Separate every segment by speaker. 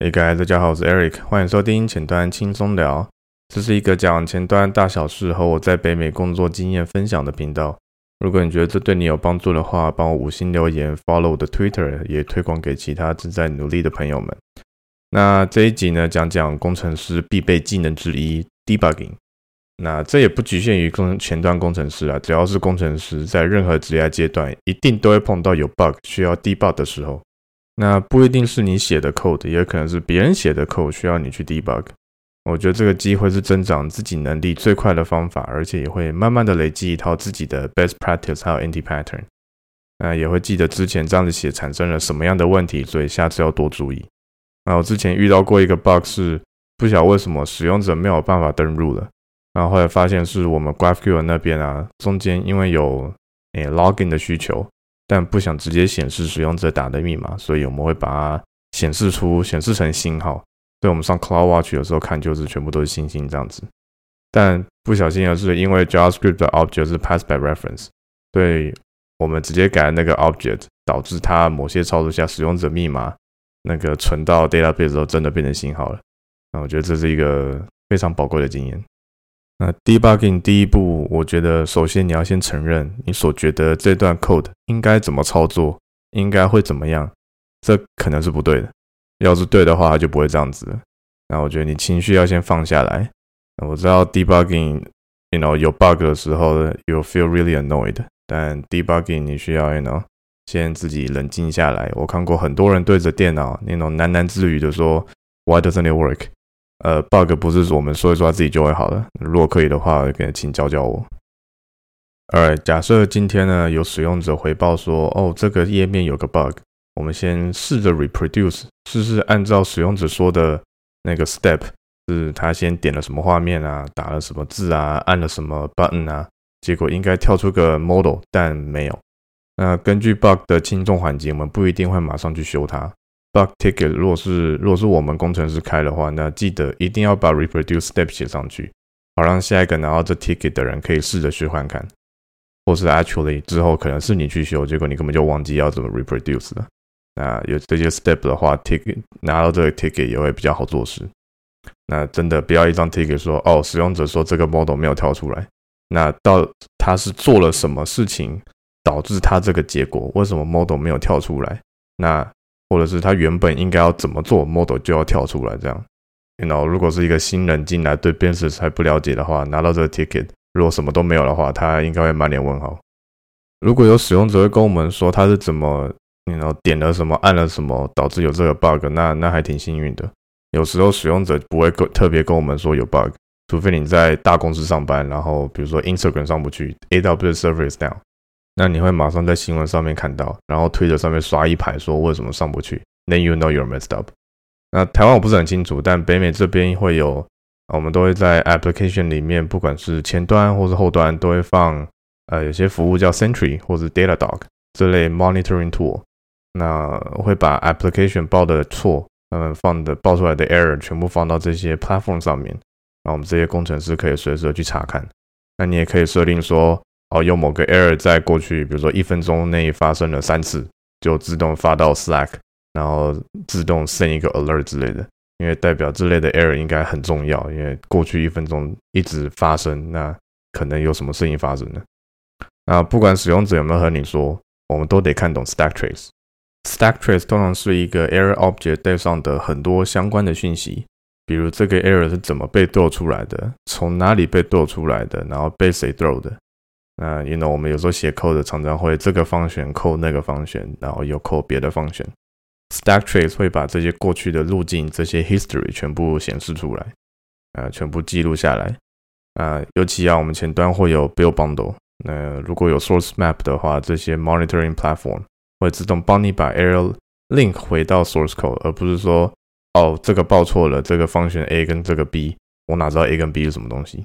Speaker 1: Hey guys, 大家好，我是 Eric，歡迎收聽前端輕鬆聊。這是一個講前端大小事和我在北美工作經驗分享的頻道。如果你覺得這對你有幫助的話，幫我五星留言，follow 我的 Twitter，也推廣給其他正在努力的朋友們。那這一集呢，講講工程師必備技能之一 debugging。那這也不局限於工，前端工程師啊，只要是工程師，在任何職業階段，一定都會碰到有 bug 需要 debug 的時候。那不一定是你寫的 code，也可能是別人寫的 code 需要你去 debug。我覺得這個機會是增長自己能力最快的方法，而且也會慢慢的累積一套自己的 best practice 還有 anti pattern。那也會記得之前這樣子寫產生了什麼樣的問題，所以下次要多注意。那我之前遇到過一個 bug 是不曉得為什麼使用者沒有辦法登入了，然後後來發現是我們 GraphQL 那邊啊，中間因為有誒、欸、login 的需求。但不想直接顯示使用者打的密碼，所以我們會把它顯示出顯示成星號。所以我們上 Cloud Watch 有時候看就是全部都是星星這樣子。但不小心的是因為 JavaScript 的 object 是 pass by reference，所以我們直接改了那個 object，導致它某些操作下使用者密碼那個存到的 database 之後真的變成星號了。那我覺得這是一個非常寶貴的經驗。那 debugging 第一步，我覺得首先你要先承認你所覺得這段 code 應該怎麼操作，應該會怎麼樣，這可能是不對的。要是對的話，它就不會這樣子。那我覺得你情緒要先放下來。我知道 debugging，you know，有 bug 的時候，you feel really annoyed。但 debugging，你需要，you know，先自己冷靜下來。我看過很多人對着電腦，you know，喃喃自語的說，Why doesn't it work？呃、uh,，bug 不是說我們說一說它自己就會好了。如果可以的話，給請教教我。Alright，假設今天呢有使用者回報說，哦，這個頁面有個 bug，我們先試着 reproduce，試試按照使用者說的那個 step，是他先點了什麼畫面啊，打了什麼字啊，按了什麼 button 啊，結果應該跳出個 modal，但沒有。那根據 bug 的輕重緩急，我們不一定會馬上去修它。Bug ticket 如果是如果是我們工程師開的話，那記得一定要把 reproduce step 寫上去，好讓下一個拿到這 ticket 的人可以試着去換看，或是 actually 之後可能是你去修，結果你根本就忘記要怎麼 reproduce 了。那有這些 step 的話，ticket 拿到這個 ticket 也會比較好做事。那真的不要一張 ticket 說，哦，使用者說這個 model 沒有跳出來，那到他是做了什麼事情導致他這個結果？為什麼 model 沒有跳出來？那或者是他原本應該要怎麼做，model 就要跳出來這樣。然後如果是一個新人進來對 business 還不了解的話，拿到這個 ticket 如果什麼都沒有的話，他應該會滿臉問號。如果有使用者會跟我們說他是怎麼，然後 you know, 點了什麼按了什麼導致有這個 bug，那那還挺幸運的。有時候使用者不會特別跟我們說有 bug，除非你在大公司上班，然後比如說 Instagram 上不去，AWS server is down。那你會馬上在新聞上面看到，然後推特上面刷一排說為什麼上不去。Then you know you're messed up。那台灣我不是很清楚，但北美這邊會有，我們都會在 application 裡面，不管是前端或是後端，都會放呃有些服務叫 Sentry 或者 Datadog 這類 monitoring tool。那會把 application 報的錯，們、嗯、放的報出來的 error 全部放到這些 platform 上面，那我們這些工程師可以隨時的去查看。那你也可以設定說。哦，有某個 error 在過去，比如說一分鐘內發生了三次，就自動發到 Slack，然後自動 send 一個 alert 之類的，因為代表這類的 error 應該很重要，因為過去一分鐘一直發生，那可能有什麼事情發生呢？那不管使用者有沒有和你說，我們都得看懂 stack trace。stack trace 通常是一個 error object 帶上的很多相關的訊息，比如這個 error 是怎麼被 throw 出來的，從哪裡被 throw 出來的，然後被誰 throw 的。那，因為我們有時候寫 code 的，常常會這個 function 扣，那個 function，然後又扣別的 function。Stack Trace 會把這些過去的路徑，這些 history 全部顯示出來，呃，全部記錄下來。啊、呃，尤其啊，我們前端會有 Build Bundle，那、呃、如果有 Source Map 的話，這些 Monitoring Platform 會自動幫你把 error link 回到 Source Code，而不是說，哦，這個報錯了，這個 function A 跟這個 B，我哪知道 A 跟 B 是什麼東西？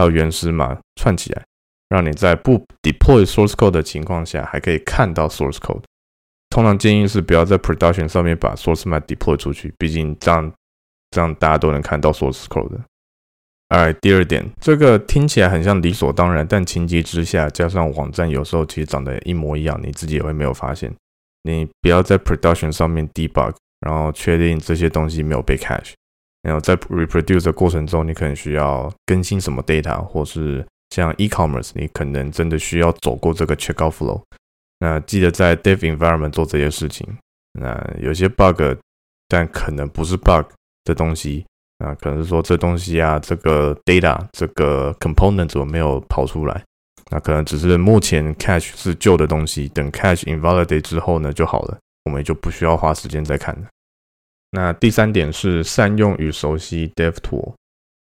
Speaker 1: 到原始碼串起來，讓你在不 deploy source code 的情況下，還可以看到 source code。通常建議是不要在 production 上面把 source map deploy 出去，畢竟這樣這樣大家都能看到 source code。哎，第二點，這個聽起來很像理所當然，但情急之下，加上網站有時候其實長得一模一樣，你自己也會沒有發現。你不要在 production 上面 debug，然後確定這些東西沒有被 cache。然後在 reproduce 的過程中，你可能需要更新什麼 data，或是像 e-commerce，你可能真的需要走過這個 checkout flow。那記得在 dev environment 做這些事情。那有些 bug，但可能不是 bug 的東西，那可能是說這東西啊，這個 data，這個 component 怎麼沒有跑出來？那可能只是目前 cache 是舊的東西，等 cache invalidate 之後呢，就好了，我們就不需要花時間再看了。那第三點是善用與熟悉 Dev Tool。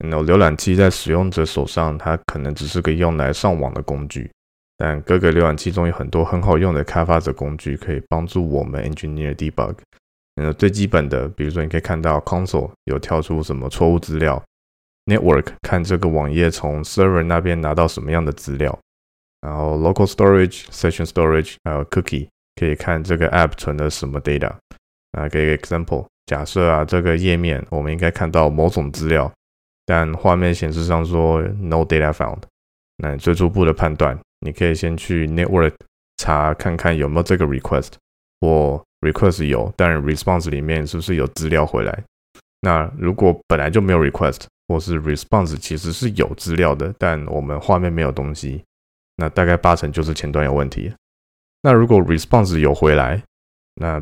Speaker 1: 那瀏覽器在使用者手上，它可能只是個用來上網的工具，但各個瀏覽器中有很多很好用的開發者工具，可以幫助我們 Engineer Debug。那最基本的，比如說你可以看到 Console 有跳出什麼錯誤資料，Network 看這個網頁從 Server 那邊拿到什麼樣的資料，然後 Local Storage、Session Storage，還有 Cookie，可以看這個 App 存的什麼 Data。啊，給一個 example。假設啊，這個頁面我們應該看到某種資料，但畫面顯示上說 No data found。那最初步的判斷，你可以先去 network 查看看有沒有這個 request，或 request 有，但 response 裡面是不是有資料回來？那如果本來就沒有 request，或是 response 其實是有資料的，但我們畫面沒有東西，那大概八成就是前端有問題。那如果 response 有回來，那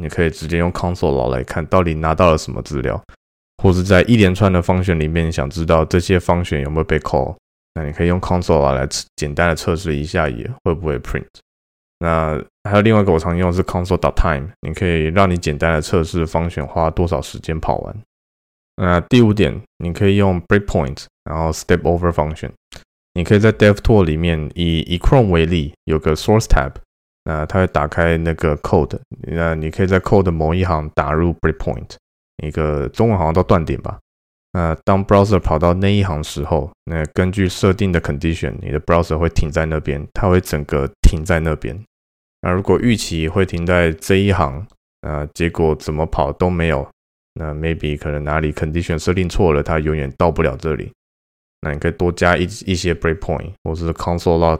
Speaker 1: 你可以直接用 console 來看到底拿到了什麼資料，或是在一連串的 function 裡面，想知道這些 function 有沒有被 call，那你可以用 console 來簡單的測試一下也會不會 print。那還有另外一個我常用的是 console dot time，你可以讓你簡單的測試 function 花多少時間跑完。那第五點，你可以用 breakpoint，然後 step over function。你可以在 Dev Tool 裡面，以、e、Chrome 為例，有個 Source Tab。那它會打開那個 code，那你可以在 code 的某一行打入 break point，一個中文好像叫斷點吧。那當 browser 跑到那一行的時候，那根據設定的 condition，你的 browser 會停在那邊，它會整個停在那邊。那如果預期會停在這一行，那結果怎麼跑都沒有，那 maybe 可能哪裡 condition 設定錯了，它永遠到不了這裡。那你可以多加一一些 break point 或是 console log。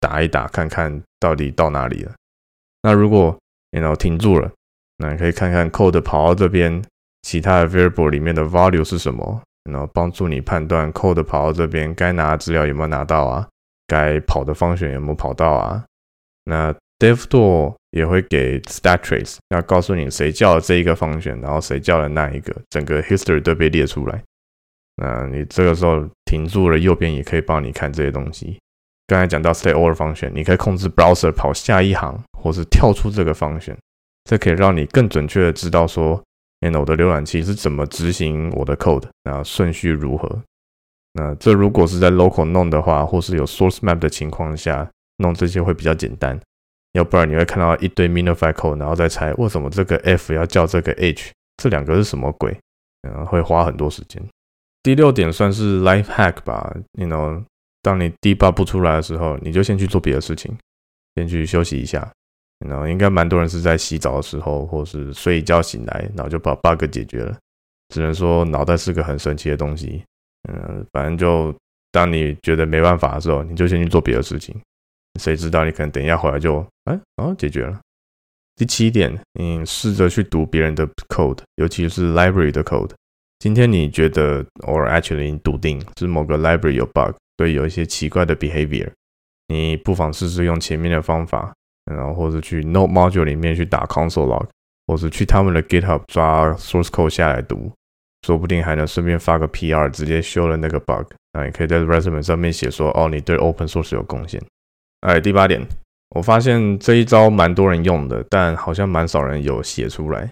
Speaker 1: 打一打，看看到底到哪裡了。那如果你能 you know, 停住了，那你可以看看 code 跑到這邊，其他的 variable 裡面的 value 是什麼，然後 you know, 幫助你判斷 code 跑到這邊該拿的資料有沒有拿到啊，該跑的 function 有沒有跑到啊。那 devtool 也會給 stacktrace，要告訴你誰叫了這一個 function，然後誰叫了那一個，整個 history 都被列出來。那你這個時候停住了，右邊也可以幫你看這些東西。剛才講到 stay over function，你可以控制 browser 跑下一行，或是跳出這個 function，這可以讓你更準確的知道說，你 know 我的瀏覽器是怎麼執行我的 code，然後順序如何？那這如果是在 local 弄的話，或是有 source map 的情況下，弄這些會比較簡單。要不然你會看到一堆 minified code，然後再猜為什麼這個 f 要叫這個 h，這兩個是什麼鬼？然後會花很多時間。第六點算是 life hack 吧，你 you know。當你 debug 不出來的時候，你就先去做別的事情，先去休息一下。然後 you know, 應該蠻多人是在洗澡的時候，或是睡一覺醒來，然後就把 bug 解決了。只能說腦袋是個很神奇的東西。嗯 you know，反正就當你覺得沒辦法的時候，你就先去做別的事情。誰知道你可能等一下回來就，哎啊，哦，解決了。第七點，你試着去讀別人的 code，尤其是 library 的 code。今天你覺得，or actually 你篤定，是某個 library 有 bug。對，有一些奇怪的 behavior，你不妨試試用前面的方法，然後或者去 node module 裡面去打 console log，或者去他們的 GitHub 抓 source code 下來讀，說不定還能順便發個 PR 直接修了那個 bug。那你可以在 resume 上面寫說哦，你對 open source 有貢獻。哎，第八點，我發現這一招蠻多人用的，但好像蠻少人有寫出來。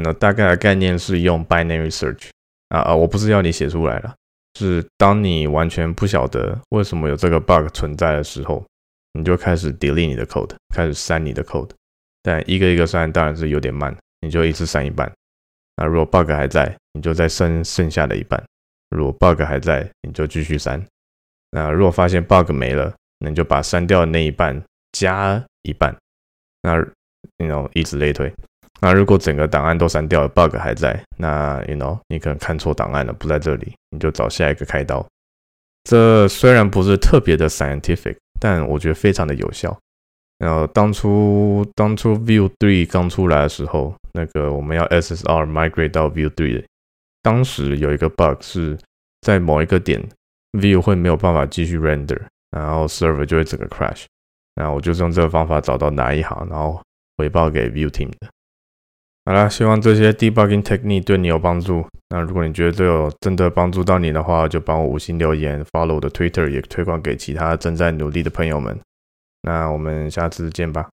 Speaker 1: 那大概的概念是用 binary search 啊啊，我不是要你寫出來了。是當你完全不曉得為什麼有這個 bug 存在的時候，你就開始 delete 你的 code，開始刪你的 code。但一個一個刪當然是有點慢，你就一次刪一半。那如果 bug 還在，你就再刪剩，剩下的一半；如果 bug 還在，你就繼續刪。那如果發現 bug 沒了，那你就把刪掉的那一半加一半。那那種以此類推。那如果整個檔案都刪掉了，bug 還在，那 you know 你可能看錯檔案了，不在這裡，你就找下一個開刀。這雖然不是特別的 scientific，但我覺得非常的有效。然後當初當初 Vue 3剛出來的時候，那個我們要 SSR migrate 到 Vue 3的，當時有一個 bug 是在某一個點 Vue 會沒有辦法繼續 render，然後 server 就會整個 crash。那我就是用這個方法找到哪一行，然後回報給 Vue team 的。好啦，希望這些 debugging technique 對你有幫助。那如果你覺得這有真的幫助到你的話，就幫我五星留言，follow 我的 Twitter，也推廣給其他正在努力的朋友們。那我們下次見吧。